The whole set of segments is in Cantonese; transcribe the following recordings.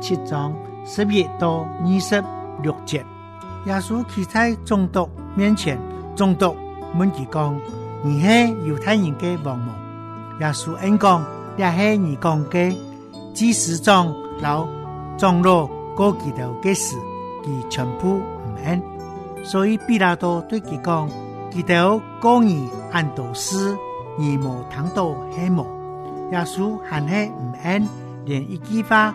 七章十一到二十六節，耶穌起在總督面前，總督問佢講，你是猶太人嘅王母？」耶穌應講，你係你講嘅，即使將老長老各幾禱嘅事，佢全部唔肯。所以彼拉多對佢講，幾條告你安度事，異母坦度黑母，耶穌還係唔肯，連一句話。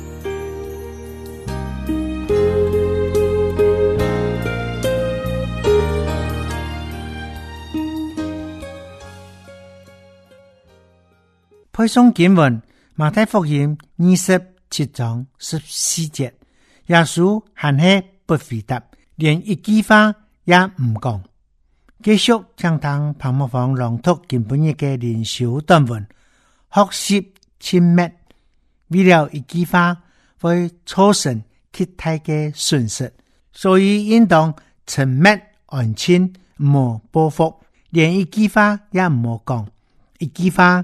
配送簡文，馬太福音二十七章十四節，耶穌含氣不回答，連一句話也唔講。繼續暢談泡沫房朗讀簡本嘅連續短文，學習靜默，為了一句話會造成極大嘅損失，所以應當沉默安靜，唔好報復，連一句話也唔好講，一句話。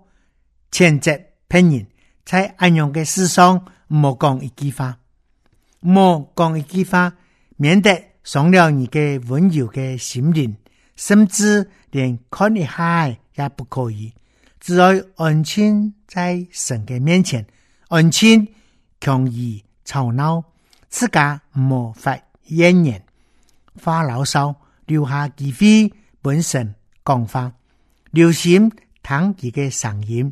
前者偏人，在安陽的世上唔好講一句話，唔好講一句話，免得傷了你的溫柔的心靈，甚至連看一下也不可以。只要安靜在神的面前，安靜，強於吵鬧，自家唔好發怨言，言、發牢騷，留下是非，本身講法，留心聽佢嘅聲音。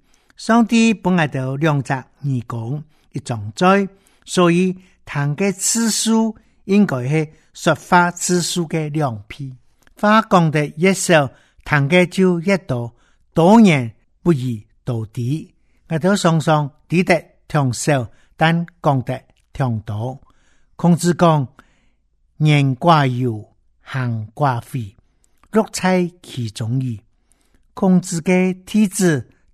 上帝本來就兩隻耳公，一張嘴。所以談嘅次數應該是說話次數嘅兩倍。話講得越少，談嘅就越多，當然不宜到底。我都常常聽得長少，但講得長多，孔子講：言寡尤，行寡悔，六彩其中矣。孔子嘅弟子。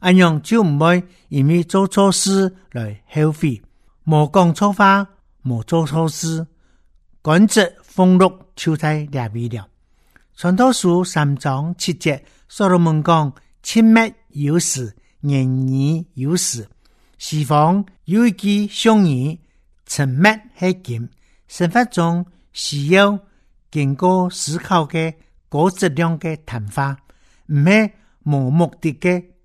阿楊就唔會因為做錯事來後悔。莫講錯話，莫做錯事，簡直風落就太涼面了。傳道書三章七節所說，所羅門講：靜默有時，言語有時。西方有一句俗語：沉默係金。生活中需要經過思考嘅高質量嘅談話，唔係冇目的嘅。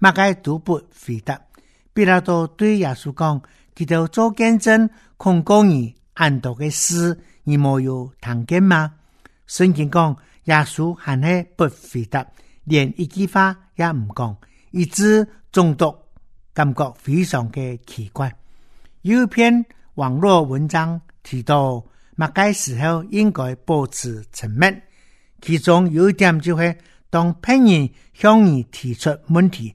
默該讀不回答，彼拉多對耶穌講：，佢到做見證控告你暗讀的事，你沒有聽見嗎？聖經講耶穌還係不回答，連一句話也不講，以致總督，感覺非常的奇怪。有一篇網絡文章提到，默介時候應該保持沉默，其中有一點就會當別人向你提出問題。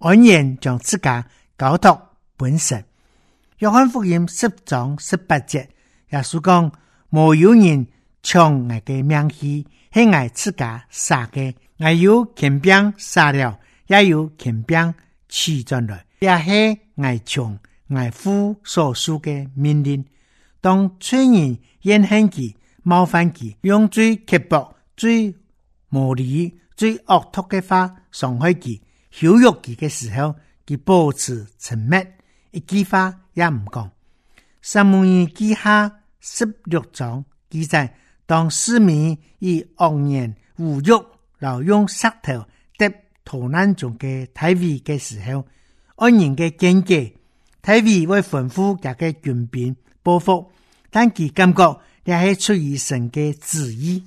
安然將自家交託本身。約翰福音十章十八節，耶穌講：沒有人搶挨的命去，係挨自家捨的，也有權柄捨了，也有權柄取轉來，也是挨從挨父所受的命令。當罪人怨恨佢、冒犯佢，用最刻薄、最無理、最惡毒的話傷害佢。送回羞辱佢嘅時候，佢保持沉默，一句話也唔講。《撒母耳記》下十六章記載，當市民以惡言侮辱劉用石頭，在逃難中嘅大衛嘅時候，按人嘅見解，大衛會吩咐佢嘅軍兵報復，但其感覺也係出於神嘅旨意，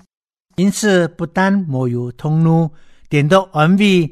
因此不但沒有痛怒，反倒安慰。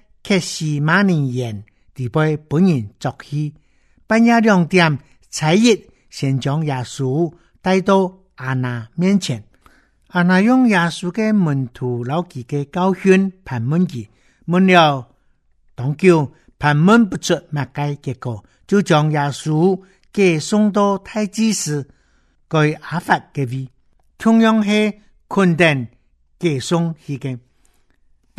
卻是馬尼人，地被本人作戲，半夜兩點，才亦先將耶穌帶到阿那面前。阿那用耶穌嘅門徒老幾嘅教訓盤問佢，問了多久，盤問不出物解結果，就將耶穌嘅送到大祭司、該亞法嘅位，同樣係困頓，寄送期間。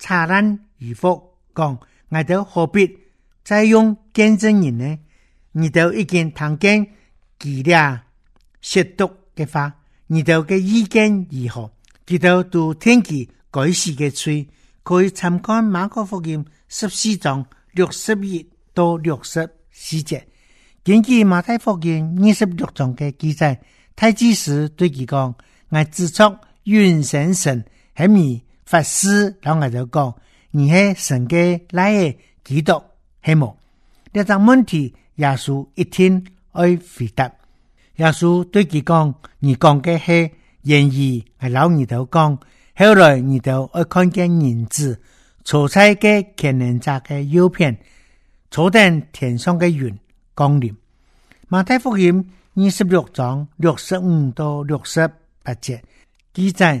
扯爛衣服，講，我哋何必再用見證人呢？你哋已經常見、激烈、褻瀆嘅話，你哋嘅意見如何？遇到都定佢該死嘅罪，可以參觀馬可福音十四章六十一到六十四節。根據馬太福音二十六章嘅記載，大祭司對佢講：我指着永生神，係咪？法師老外頭講，你是神給來嘅基督，係冇？呢個問題，耶穌一聽愛回答。耶穌對佢講：，你講嘅係，願意。係老二頭講，後來二頭愛看見人子，坐在嘅權能者的右邊，坐等天上嘅雲降臨。馬太福音二十六章六十五到六十八節記載。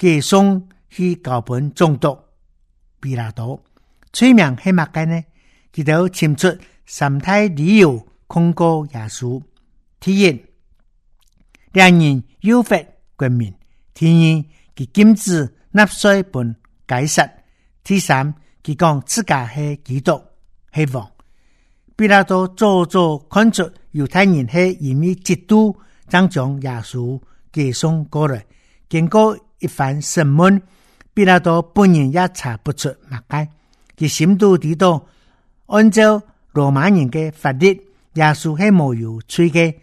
解送去教本總督，彼拉多罪名係乜嘢呢？佢就清楚三大理由，控告耶穌。第一，兩人誘發國民。第二，佢禁止納稅本該撒。第三，佢講自家係基督，希望彼拉多早早看出，猶太人係一味嫉妒，增長耶穌解送過來，警告。一番審問，彼拉多本人也查不出脈概。佢審度知道按照羅馬人嘅法律，耶穌係冇有吹嘅，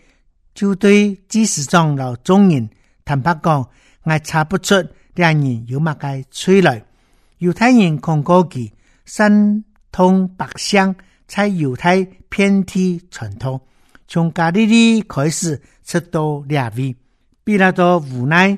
就對祭司長老眾人坦白講，我查不出兩人有脈計吹來。猶太人控告，佢身通百相，猜猶太偏體傳統，從加利利開始出到兩位，彼拉多無奈。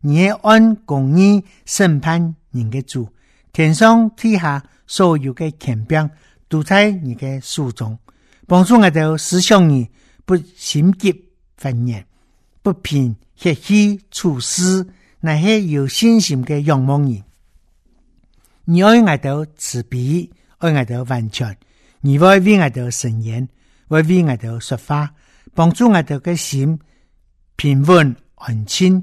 你按公義審判人嘅主，天上天下所有的權柄都在你嘅手中，幫助我哋事奉你不心急憤怒，不憑血氣處事，那些有信心，心的仰望你。你愛我哋慈悲，愛我哋完全，你愛為我哋伸冤，為我哋的的說法，幫助我哋個心平穩安靜。